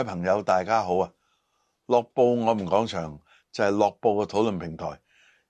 各位朋友，大家好啊！樂報我們講場就係樂報嘅討論平台，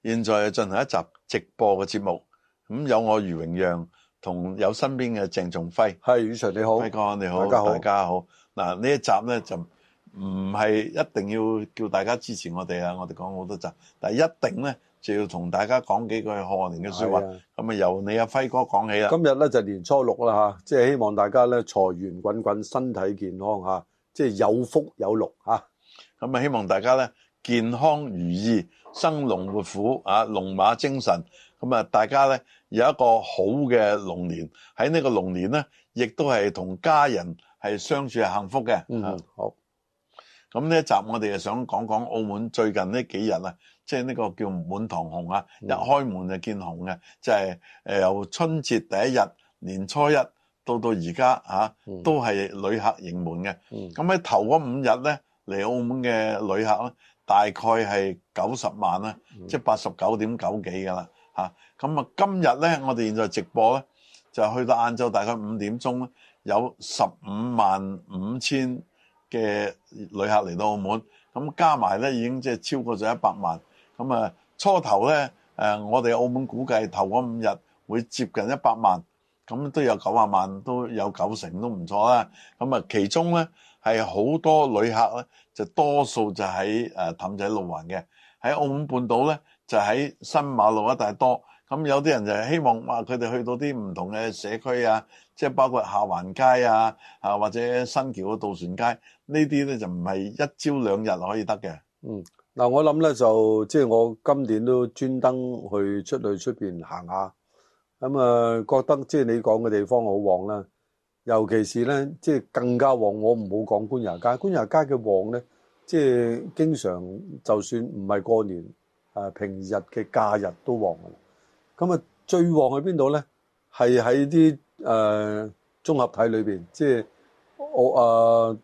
現在進行一集直播嘅節目。咁有我余榮讓同有身邊嘅鄭仲輝，係余 Sir 你好，輝哥你好，大家好，大家好。嗱呢一集咧就唔係一定要叫大家支持我哋啊，我哋講好多集，但係一定咧就要同大家講幾句賀年嘅說話。咁啊，由你阿輝哥講起啦。今日咧就年初六啦吓，即係希望大家咧財源滾滾，身體健康吓。即係有福有禄吓，咁啊希望大家咧健康如意、生龍活虎啊，龍馬精神。咁啊，大家咧有一個好嘅龍年喺呢個龍年咧，亦都係同家人係相處係幸福嘅。嗯，好。咁呢一集我哋就想講講澳門最近呢幾日啊，即係呢個叫滿堂紅啊，一開門就見紅嘅，就係誒由春節第一日年初一。到到而家嚇，都係旅客盈門嘅。咁、嗯、喺頭嗰五日咧，嚟澳門嘅旅客咧，大概係九十萬啦、嗯，即係八十九點九幾嘅啦嚇。咁啊，今日咧，我哋現在直播咧，就去到晏晝大概五點鐘咧，有十五萬五千嘅旅客嚟到澳門。咁加埋咧，已經即係超過咗一百萬。咁啊，初頭咧，誒、呃，我哋澳門估計頭嗰五日會接近一百萬。咁都有九啊萬，都有九成都唔錯啦。咁啊，其中咧係好多旅客咧，就多數就喺誒氹仔路環嘅，喺澳門半島咧就喺新馬路一帶多。咁有啲人就希望話，佢、啊、哋去到啲唔同嘅社區啊，即係包括下環街啊，啊或者新橋嘅渡船街呢啲咧，就唔係一朝兩日可以得嘅。嗯，嗱、啊、我諗咧就即係、就是、我今年都專登去出去出邊行下。咁啊，覺得即係你講嘅地方好旺啦，尤其是咧，即係更加旺。我唔好講官也街，官也街嘅旺咧，即係經常就算唔係過年，誒平日嘅假日都旺。咁啊，最旺喺邊度咧？係喺啲誒綜合體裏邊，即係我、呃、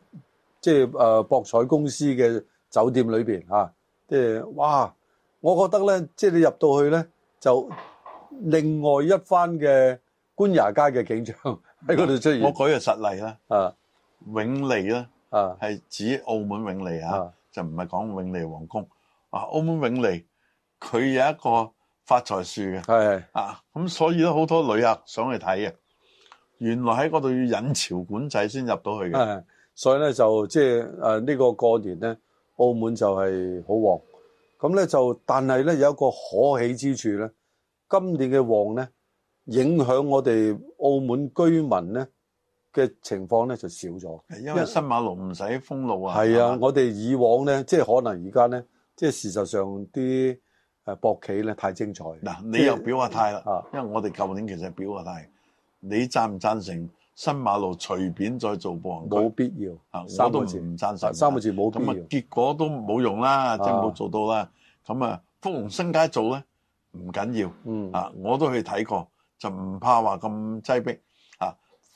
即係誒博彩公司嘅酒店裏邊。啊、即係哇，我覺得咧，即係你入到去咧就。另外一番嘅官衙街嘅景象喺嗰度出現，啊，我舉個實例啦。啊，永利呢，啊係指澳門永利啊，啊就唔係講永利皇宮啊。澳門永利佢有一個發財樹嘅，啊，咁所以咧好多旅客想去睇嘅。原來喺嗰度要引潮管制先入到去嘅，所以咧就即係呢個過年咧，澳門就係好旺。咁咧就但係咧有一個可喜之處咧。今年嘅旺咧，影響我哋澳門居民咧嘅情況咧就少咗。因為，因為新馬路唔使封路啊。係啊，啊，我哋以往咧，即係可能而家咧，即係事實上啲誒博企咧太精彩。嗱、啊，你又表下態啦。啊、就是，因為我哋舊年其實表下態、啊，你贊唔贊成新馬路隨便再做步行街？冇必要。啊、三個字唔贊成，三個字冇必要。咁啊，結果都冇用啦，即係冇做到啦。咁啊，啊，福隆新街做咧？唔緊要、嗯，啊，我都去睇過，就唔怕話咁擠迫。啊，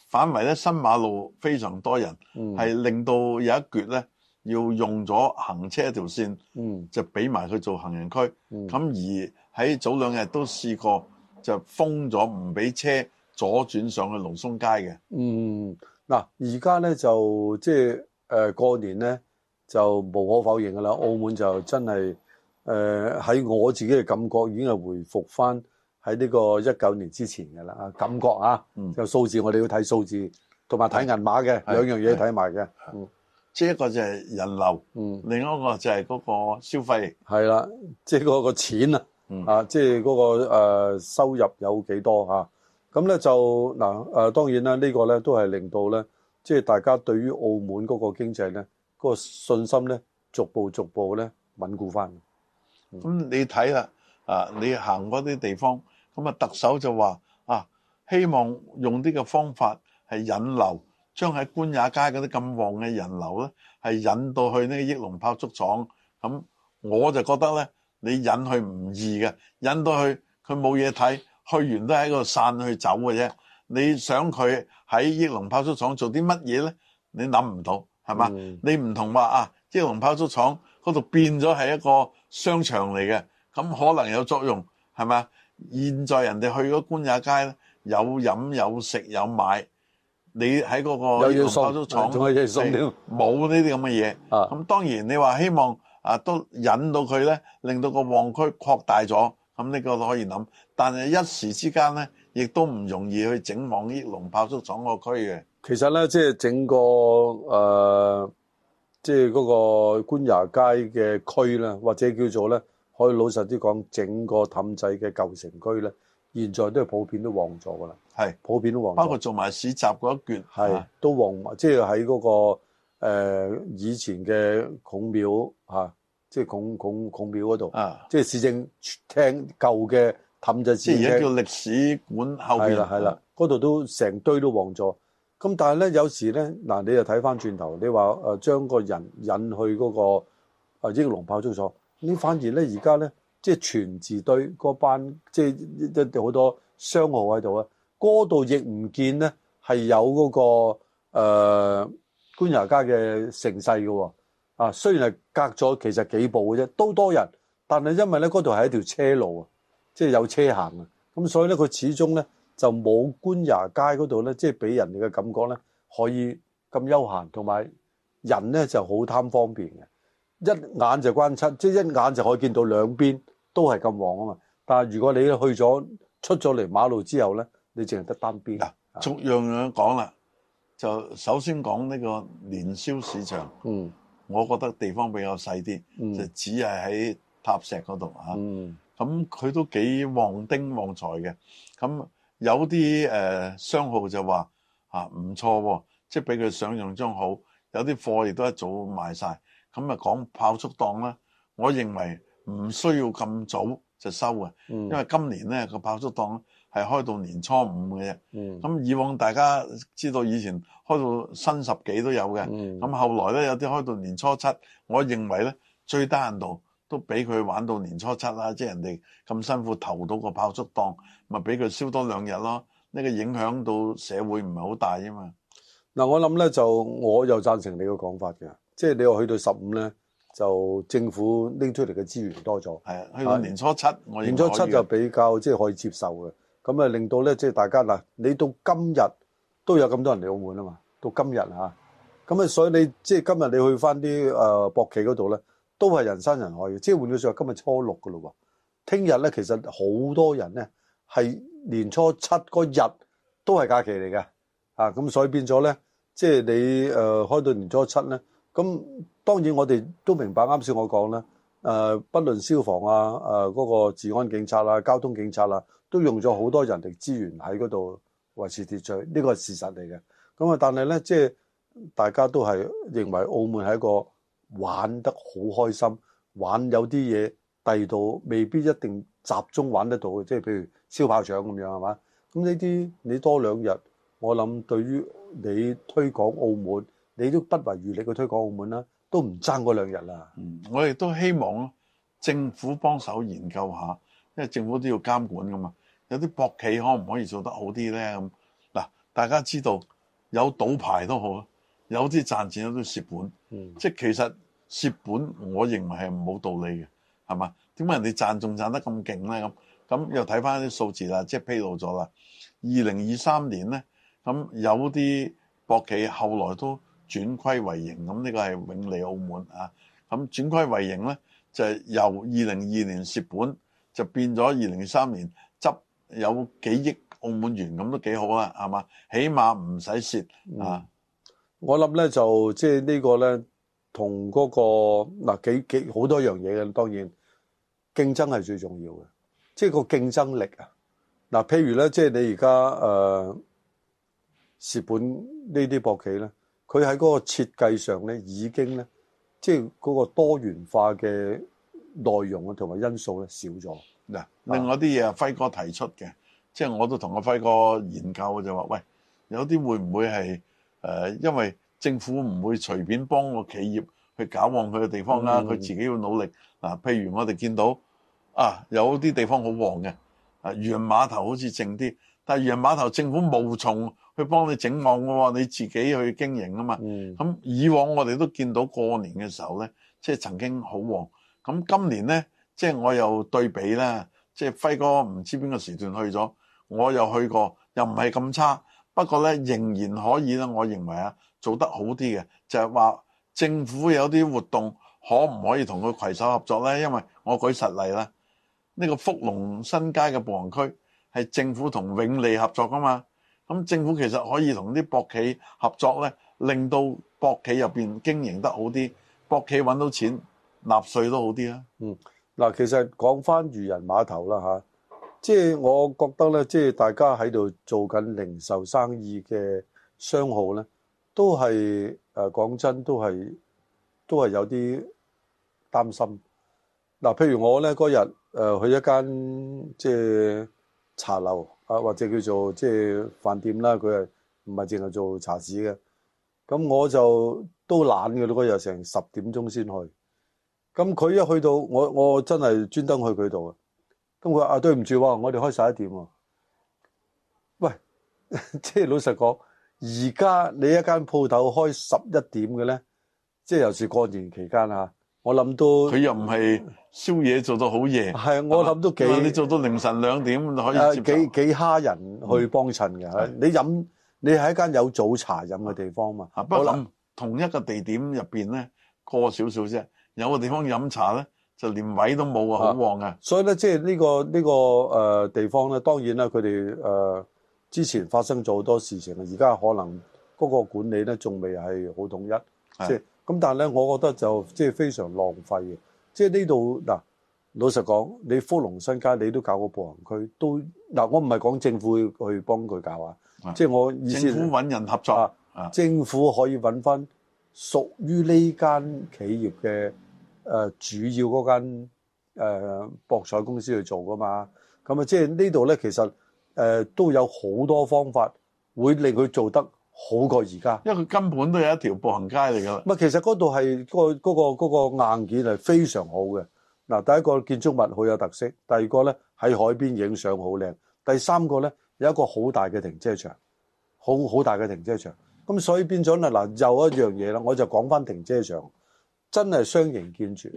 反為咧新馬路非常多人，係、嗯、令到有一段咧要用咗行車一條線，嗯、就俾埋佢做行人區。咁、嗯、而喺早兩日都試過就封咗，唔俾車左轉上去龍松街嘅。嗯，嗱，而家咧就即係誒過年咧就無可否認噶啦，澳門就真係。誒、呃，喺我自己嘅感覺，已經係回復翻喺呢個一九年之前嘅啦。啊，感覺啊，有、嗯、數字，嗯、我哋要睇數字，同埋睇銀碼嘅兩樣嘢睇埋嘅。嗯，即係一個就係人流，嗯，另一個就係嗰個消費，係啦，即係嗰個錢啊、嗯，啊，即係嗰個收入有幾多咁咧、啊、就嗱、呃、當然啦，呢個、呢個咧都係令到咧，即、就、係、係、大家對於澳門嗰個經濟咧嗰、嗰個信心咧逐步逐步咧穩固翻。咁你睇啦，啊，你行嗰啲地方，咁啊特首就話啊，希望用啲嘅方法係引流，將喺官也街嗰啲咁旺嘅人流咧，係引到去呢個益隆炮竹廠。咁我就覺得咧，你引去唔易嘅，引到去佢冇嘢睇，去完都喺度散去走嘅啫。你想佢喺益隆炮竹廠做啲乜嘢咧？你諗唔到，係嘛、嗯？你唔同話啊，益隆炮竹廠嗰度變咗係一個。商場嚟嘅，咁可能有作用，係咪？現在人哋去咗官也街咧，有飲有食有買，你喺嗰個益隆炮竹廠冇呢啲咁嘅嘢。咁、啊、當然你話希望啊，都引到佢咧，令到個旺區擴大咗，咁呢個可以諗。但係一時之間咧，亦都唔容易去整旺呢益隆炮竹廠個區嘅。其實咧，即、就、係、是、整個誒。呃即係嗰個官衙街嘅區咧，或者叫做咧，可以老實啲講，整個氹仔嘅舊城區咧，現在都係普遍都旺咗㗎啦。係普遍都旺咗，包括做埋市集嗰一段，係都旺，即係喺嗰個、呃、以前嘅孔廟，係、即係、孔孔孔廟啊，即係孔孔孔廟嗰度啊，即係市政廳舊嘅氹仔市。即係而家叫歷史館後邊係啦，係啦、啊，嗰度、啊啊、都成堆都旺咗。咁但係咧，有時咧，嗱，你又睇翻轉頭，你話，誒將個人引去嗰個英龍派出所。你反而咧而家咧，即係全字隊嗰班，即係一好多商號喺度啊！嗰度亦唔見咧係有嗰個誒、呃、官牙家嘅盛世嘅喎啊，雖然係隔咗其實幾步嘅啫，都多人，但係因為咧嗰度係一條車路啊，即係有車行啊，咁所以咧佢始終咧。就冇官也街嗰度咧，即係俾人哋嘅感覺咧，可以咁悠閒，同埋人咧就好貪方便嘅，一眼就關七，即係一眼就可以見到兩邊都係咁旺啊嘛。但係如果你去咗出咗嚟馬路之後咧，你淨係得單邊。嗱，逐樣樣講啦，就首先講呢個年宵市場，嗯，我覺得地方比較細啲、嗯，就只係喺塔石嗰度，嗯，咁、啊、佢都幾旺丁旺財嘅，咁。有啲誒、呃、商號就話嚇唔錯喎，哦，即係俾佢想像中好。有啲貨亦都一早賣晒。咁啊講炮竹檔啦。我認為唔需要咁早就收嘅，嗯、因為今年呢個炮竹檔係開到年初五嘅啫。咁、嗯、以往大家知道以前開到新十幾都有嘅，咁、嗯、後來呢，有啲開到年初七。我認為呢最低限度都俾佢玩到年初七啦，即係人哋咁辛苦投到個炮竹檔。咪俾佢燒多兩日咯，呢個影響到社會唔係好大啊嘛。嗱，我諗咧就我又贊成你個講法嘅，即係你話去到十五咧，就政府拎出嚟嘅資源多咗。係啊，去到年初七，年初七就比較即係可以接受嘅。咁啊，令到咧即係大家嗱，你到今日都有咁多人嚟澳門啊嘛。到今日啊，咁啊，所以你即係今日你去翻啲誒博企嗰度咧，都係人山人海嘅。即係換句説話，今日初六㗎咯喎，聽日咧其實好多人咧。係年初七嗰日都係假期嚟嘅。啊，啊咁所以變咗呢，即、就、係、是、你誒、呃、開到年初七呢。咁當然我哋都明白啱先我講啦，誒、呃、不論消防啊，誒、呃、嗰、那個治安警察啊、交通警察啊，都用咗好多人力資源喺嗰度維持秩序，呢、這個係事實嚟嘅。咁啊，但係呢，即、就、係、是、大家都係認為澳門係一個玩得好開心，玩有啲嘢第二度未必一定。集中玩得到嘅，即係譬如燒炮仗咁樣係嘛？咁呢啲你多兩日，我諗對於你推廣澳門，你都不遺餘力去推廣澳門啦，都唔爭嗰兩日啦。嗯，我亦都希望政府幫手研究下，因為政府都要監管噶嘛。有啲博企可唔可以做得好啲咧？咁嗱，大家知道有賭牌都好，有啲賺錢有啲蝕本。嗯，即係其實蝕本，我認為係冇道理嘅，係嘛？點解人哋賺仲賺得咁勁咧？咁咁又睇翻啲數字啦，即係披露咗啦。二零二三年咧，咁有啲博企後來都轉虧為盈，咁呢個係永利澳門啊。咁轉虧為盈咧，就係由二零二年蝕本就變咗二零二三年執有幾億澳門元，咁都幾好啦，係嘛？起碼唔使蝕啊。我諗咧就即係呢個咧，同嗰個嗱幾幾好多樣嘢嘅，當然。競爭係最重要嘅，即係個競爭力啊！嗱，譬如咧，即係你而家誒蝕本呢啲博企咧，佢喺嗰個設計上咧已經咧，即係嗰個多元化嘅內容啊，同埋因素咧少咗。嗱，另外啲嘢啊，輝哥提出嘅，即係我都同阿輝哥研究就話，喂，有啲會唔會係誒、呃？因為政府唔會隨便幫個企業。去搞旺佢嘅地方啦，佢自己要努力。嗱，譬如我哋見到啊，有啲地方好旺嘅，漁人碼頭好似靜啲。但係漁人碼頭政府無從去幫你整旺嘅喎，你自己去經營啊嘛。咁以往我哋都見到過年嘅時候咧，即係曾經好旺。咁今年咧，即係我又對比咧，即係輝哥唔知邊個時段去咗，我又去過，又唔係咁差。不過咧，仍然可以啦，我認為啊，做得好啲嘅就係話。政府有啲活動，可唔可以同佢攜手合作呢？因為我舉實例啦，呢個福隆新街嘅步行區係政府同永利合作噶嘛。咁政府其實可以同啲博企合作呢，令到博企入邊經營得好啲，博企揾到錢，納稅都好啲啊。嗯，嗱，其實講翻漁人碼頭啦嚇，即係我覺得呢，即係大家喺度做緊零售生意嘅商號呢，都係。誒、啊，講真都係都係有啲擔心。嗱、啊，譬如我呢嗰日誒去一間即係茶樓啊，或者叫做即係飯店啦，佢係唔係淨係做茶市嘅。咁我就都懶嘅，嗰日成十點鐘先去。咁佢一去到，我我真係專登去佢度啊。咁佢話啊，對唔住喎，我哋開十一點啊。喂，即係老實講。而家你一間鋪頭開十一點嘅咧，即係又是過年期間嚇，我諗都佢又唔係宵夜做到好夜，係啊，我諗都幾你做到凌晨兩點可以接？幾幾蝦人去幫襯嘅，你飲你喺間有早茶飲嘅地方嘛嚇，我諗同一個地點入邊咧過少少啫，有個地方飲茶咧就連位都冇啊，好旺啊。所以咧，即係呢個呢個誒地方咧，當然啦，佢哋誒。之前發生咗好多事情，而家可能嗰個管理咧仲未係好統一，即係咁。但係咧，我覺得就即係、就是、非常浪費嘅。即係呢度嗱，老實講，你福隆新街你都搞個步行區，都嗱，我唔係講政府去幫佢搞啊。即係、就是、我政府揾人合作，啊，政府可以揾翻屬於呢間企業嘅誒、呃、主要嗰間、呃、博彩公司去做㗎嘛。咁、嗯、啊，即、就、係、是、呢度咧，其實。誒都有好多方法會令佢做得好過而家，因為佢根本都係一條步行街嚟㗎。其實嗰度係個嗰個嗰個硬件係非常好嘅。嗱，第一個建築物好有特色，第二個呢喺海邊影相好靚，第三個呢有一個好大嘅停車場，好好大嘅停車場。咁所以變咗呢嗱又一樣嘢啦，我就講翻停車場，真係雙贏建全。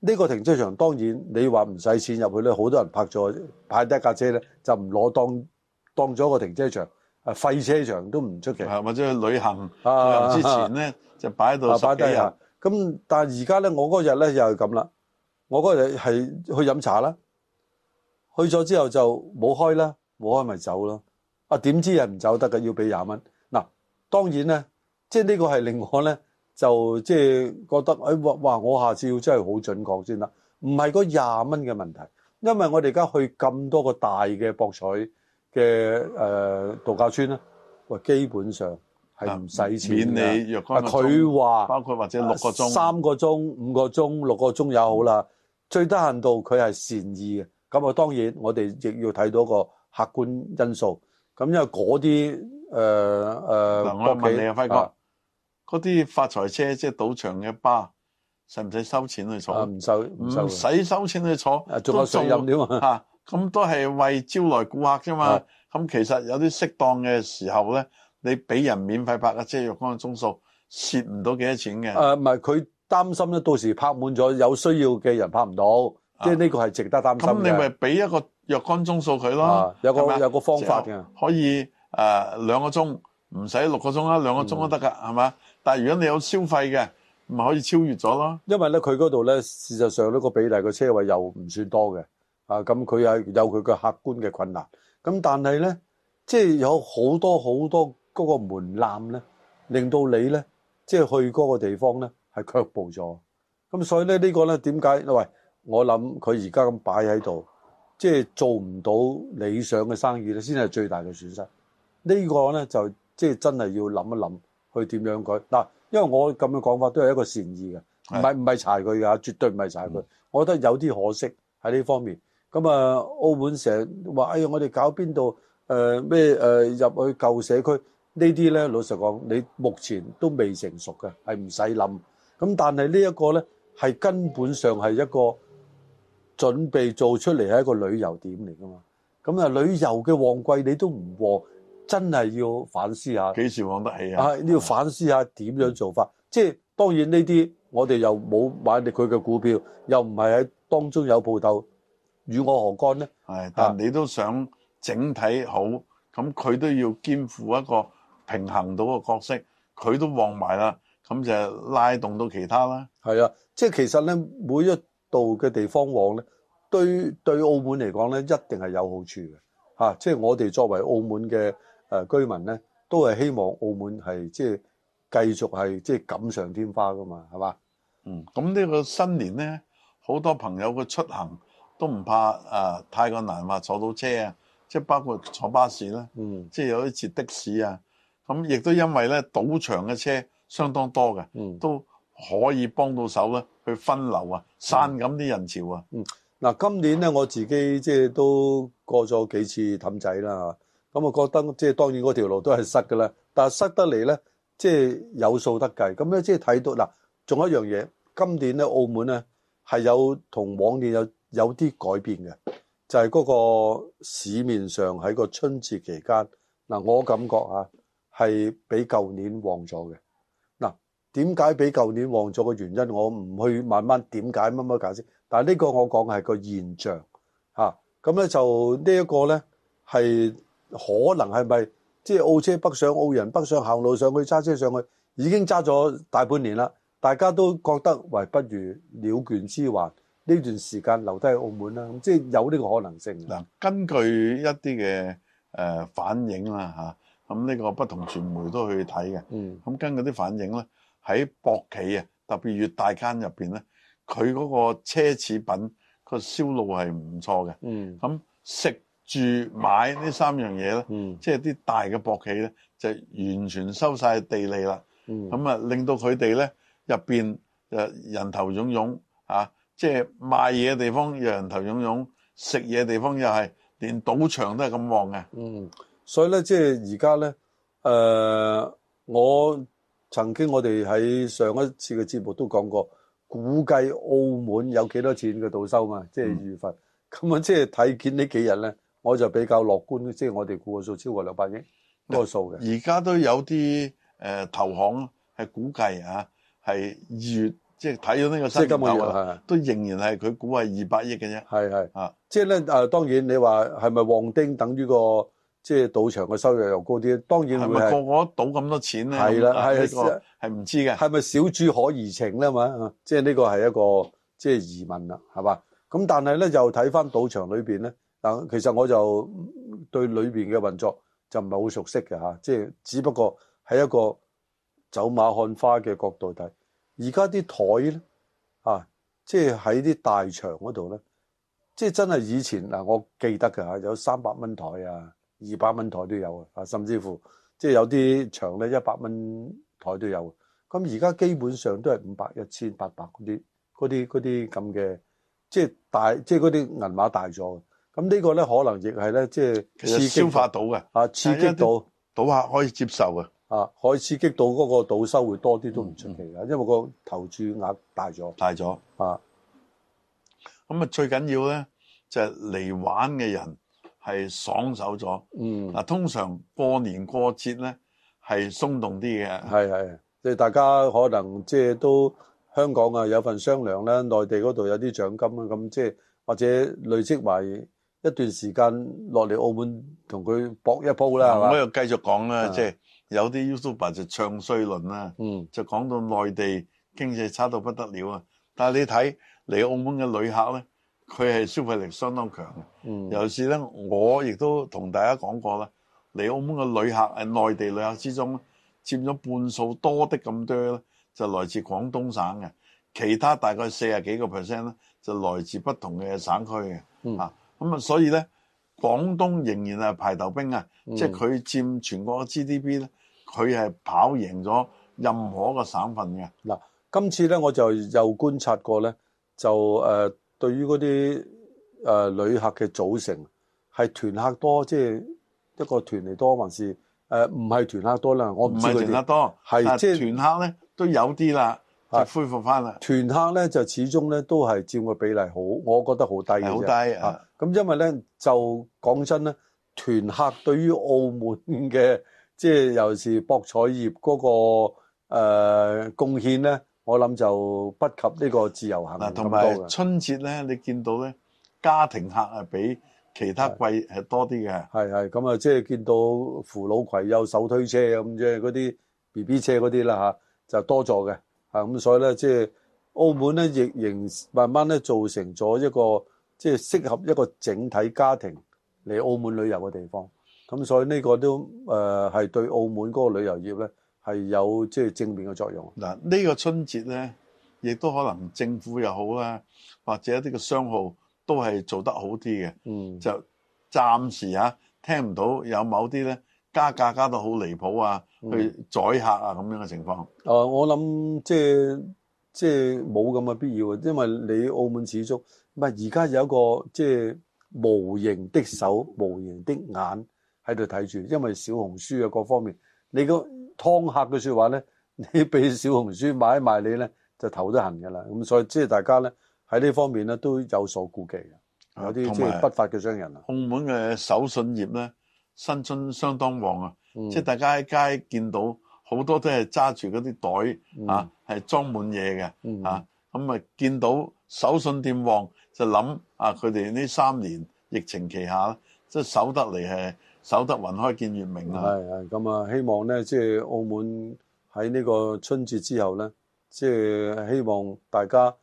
呢個停車場當然你話唔使錢入去咧，好多人泊咗擺低架車咧，就唔攞當當咗個停車場，啊廢車場都唔出奇，或者去旅行，旅、啊、行之前咧就擺喺度十幾、啊、低下咁但係而家咧，我嗰日咧又係咁啦，我嗰日係去飲茶啦，去咗之後就冇開啦，冇開咪走咯。啊點知又唔走得㗎？要俾廿蚊。嗱、啊、當然咧，即係呢個係令我咧。就即係覺得，哎哇！我下次要真係好準確先得，唔係個廿蚊嘅問題。因為我哋而家去咁多個大嘅博彩嘅誒度假村咧，基本上係唔使錢嘅。佢話，包括或者六個鐘、三個鐘、五個鐘、六個鐘又好啦。最低限度佢係善意嘅，咁啊當然我哋亦要睇到個客觀因素。咁因為嗰啲誒誒，我問你啊、呃，輝哥。嗰啲發財車即係、就是、賭場嘅巴，使唔使收錢去坐？唔使唔使收錢去坐，仲有飲料吓咁都係 為招來顧客啫嘛。咁、啊、其實有啲適當嘅時候咧，你俾人免費拍嘅即係若干鐘數，蝕唔到幾多錢嘅。誒唔係，佢擔心咧，到時拍滿咗，有需要嘅人拍唔到、啊，即係呢個係值得擔心咁、啊、你咪俾一個若干鐘數佢咯、啊，有個有個方法嘅，可以誒兩個鐘，唔使六個鐘啦，兩個鐘都得㗎，係、嗯、嘛？但係如果你有消費嘅，咪可以超越咗咯。因為咧，佢嗰度咧，事實上呢個比例個車位又唔算多嘅，啊咁佢係有佢個客觀嘅困難。咁但係咧，即係有好多好多嗰個門檻咧，令到你咧，即係去嗰個地方咧係卻步咗。咁所以咧呢個咧點解？喂，我諗佢而家咁擺喺度，即係做唔到理想嘅生意咧，先係最大嘅損失。呢個咧就即係真係要諗一諗。去點樣改嗱？因為我咁嘅講法都係一個善意嘅，唔係唔係查佢㗎，絕對唔係查佢。我覺得有啲可惜喺呢方面。咁啊，澳門成日話哎呀，我哋搞邊度？誒咩誒入去舊社區呢啲咧？老實講，你目前都未成熟嘅，係唔使諗。咁但係呢一個咧，係根本上係一個準備做出嚟係一個旅遊點嚟㗎嘛。咁啊，旅遊嘅旺季你都唔旺。真係要反思下幾時旺得起啊！你要反思下點樣做法。嗯、即係當然呢啲我哋又冇買佢嘅股票，又唔係喺當中有鋪頭，與我何干呢？係，但你都想整體好咁，佢都要肩負一個平衡到嘅角色。佢都旺埋啦，咁就拉動到其他啦。係啊，即係其實呢，每一度嘅地方旺呢，對對澳門嚟講呢，一定係有好處嘅、啊、即係我哋作為澳門嘅。誒，居民咧都係希望澳門係即係繼續係即係錦上添花噶嘛，係嘛？嗯，咁呢個新年咧，好多朋友嘅出行都唔怕誒、呃、太過難話坐到車啊，即係包括坐巴士啦，嗯，即係有啲次的士啊，咁亦都因為咧賭場嘅車相當多嘅，嗯，都可以幫到手咧，去分流啊，散咁啲人潮啊，嗯，嗱、嗯啊，今年咧我自己即係都過咗幾次氹仔啦。咁我覺得即係、就是、當然嗰條路都係塞㗎啦，但係塞得嚟咧，即、就、係、是、有數得計。咁咧即係睇到嗱，仲有一樣嘢，今年咧澳門咧係有同往年有有啲改變嘅，就係、是、嗰個市面上喺個春節期間嗱，我感覺啊係比舊年旺咗嘅嗱。點解比舊年旺咗嘅原因，我唔去慢慢點解乜乜解釋。但係呢個我講係個現象咁咧，就呢一個咧係。可能係咪即係澳車北上，澳人北上行路上去揸車上去，已經揸咗大半年啦。大家都覺得，喂，不如了斷之話，呢段時間留低喺澳門啦。咁即係有呢個可能性。嗱，根據一啲嘅誒反應啦，嚇咁呢個不同傳媒都去睇嘅。嗯，咁根據啲反應咧，喺博企啊，特別越大間入邊咧，佢嗰個奢侈品個銷路係唔錯嘅。嗯，咁食。住買呢三樣嘢咧，嗯、即係啲大嘅博企咧，就完全收晒地利啦。咁、嗯、啊，令到佢哋咧入邊人頭涌涌，啊，即係賣嘢地方又人頭涌涌，食嘢地方又係連賭場都係咁旺嘅。嗯，所以咧，即係而家咧，誒，我曾經我哋喺上一次嘅節目都講過，估計澳門有幾多錢嘅賭收嘛，即係預罰。咁啊，即係睇見呢幾日咧。我就比較樂觀，即係我哋估數個數超過兩百億多數嘅。而家都有啲誒、呃、投行係估計啊，係二月即係睇咗呢個新樓啊、嗯，都仍然係佢估係二百億嘅啫。係係啊，即係咧誒，當然你話係咪旺丁等於個即係賭場嘅收入又高啲？當然係咪個個都賭咁多錢咧？係、那、啦、個，係啊，唔知嘅。係咪、啊啊、小賭可怡情咧？嘛、嗯，即係呢個係一個即係疑問啦，係嘛？咁但係咧，就睇翻賭場裏邊咧。但其實我就對裏邊嘅運作就唔係好熟悉嘅嚇，即係只不過喺一個走馬看花嘅角度睇。而家啲台咧啊，即係喺啲大場嗰度咧，即係真係以前嗱，我記得嘅嚇，有三百蚊台啊，二百蚊台都有啊，甚至乎即係有啲場咧，一百蚊台都有。咁而家基本上都係五百、一千、八百啲啲嗰啲咁嘅，即係大即係嗰啲銀碼大咗。咁呢個咧，可能亦係咧，即係消化到嘅，啊，刺激到賭客可以接受嘅，啊，可以刺激到嗰個賭收會多啲都唔出奇嘅、嗯嗯，因為個投注額大咗，大咗啊。咁啊，最緊要咧就係嚟玩嘅人係爽手咗。嗯。嗱、啊，通常過年過節咧係鬆動啲嘅，係係。即係大家可能即係都香港啊有份雙糧啦，內地嗰度有啲獎金啦，咁即係或者累積埋。一段時間落嚟澳門同佢搏一鋪啦，係嘛，我又繼續講啦，即係有啲 YouTuber 就唱衰論啦，嗯，就講到內地經濟差到不得了啊。但係你睇嚟澳門嘅旅客咧，佢係消費力相當強嘅，嗯，尤其是咧，我亦都同大家講過啦，嚟澳門嘅旅客係內地旅客之中佔咗半數多啲咁多咧，就來自廣東省嘅，其他大概四十幾個 percent 咧就來自不同嘅省區嘅，嗯。咁啊，所以咧，廣東仍然係排頭兵啊！即係佢佔全國嘅 GDP 咧，佢係跑贏咗任何個省份嘅。嗱、嗯，今次咧我就又觀察過咧，就誒、呃、對於嗰啲誒旅客嘅組成係團客多，即係一個團嚟多，還是誒唔係團客多啦？我唔係團客多，係即係團客咧都有啲啦。就恢復翻啦，團客咧就始終咧都係佔個比例好，我覺得好低好低啊。咁因為咧就講真咧，團客對於澳門嘅即係尤其是博彩業嗰個誒貢獻咧，我諗就不及呢個自由行同埋春節咧，你見到咧家庭客係比其他季係多啲嘅，係係咁啊，即係見到扶老攜幼、手推車咁即係嗰啲 B B 車嗰啲啦嚇，就多咗嘅。啊，咁所以咧，即係澳門咧，亦仍慢慢咧，造成咗一個即係適合一個整體家庭嚟澳門旅遊嘅地方。咁所以呢個都誒係對澳門嗰個旅遊業咧係有即係正面嘅作用。嗱，呢個春節咧，亦都可能政府又好啦，或者一啲嘅商號都係做得好啲嘅。嗯，就暫時啊，聽唔到有某啲咧。加價加到好離譜啊！去宰客啊，咁、嗯、樣嘅情況。誒、呃，我諗即係即係冇咁嘅必要，因為你澳門始終唔係而家有一個即係無形的手、無形的眼喺度睇住，因為小紅書啊各方面，你個湯客嘅說話咧，你俾小紅書買一賣你咧，就頭都痕噶啦。咁所以即係大家咧喺呢方面咧都有所顧忌嘅，有啲即係不法嘅商人啊。澳門嘅手信業咧，新春相當旺啊！即、嗯、係大家喺街見到好多都係揸住嗰啲袋、嗯、啊，係裝滿嘢嘅、嗯、啊。咁啊，見到手信店旺就諗啊，佢哋呢三年疫情旗下即係守得嚟係守得雲開見月明啊！係咁啊，希望咧即係澳門喺呢個春節之後咧，即、就、係、是、希望大家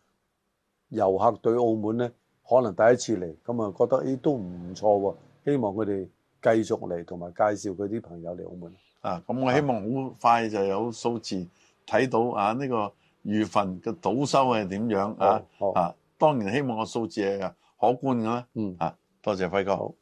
遊客對澳門咧可能第一次嚟咁啊，覺得誒都唔錯喎、啊。希望佢哋。繼續嚟同埋介紹佢啲朋友嚟澳門啊！咁我希望好快就有數字睇、啊、到啊！呢、呢個月份嘅賭收係點樣啊、哦哦？啊，當然希望個數字係可觀嘅啦、啊。嗯，啊，多謝輝哥。好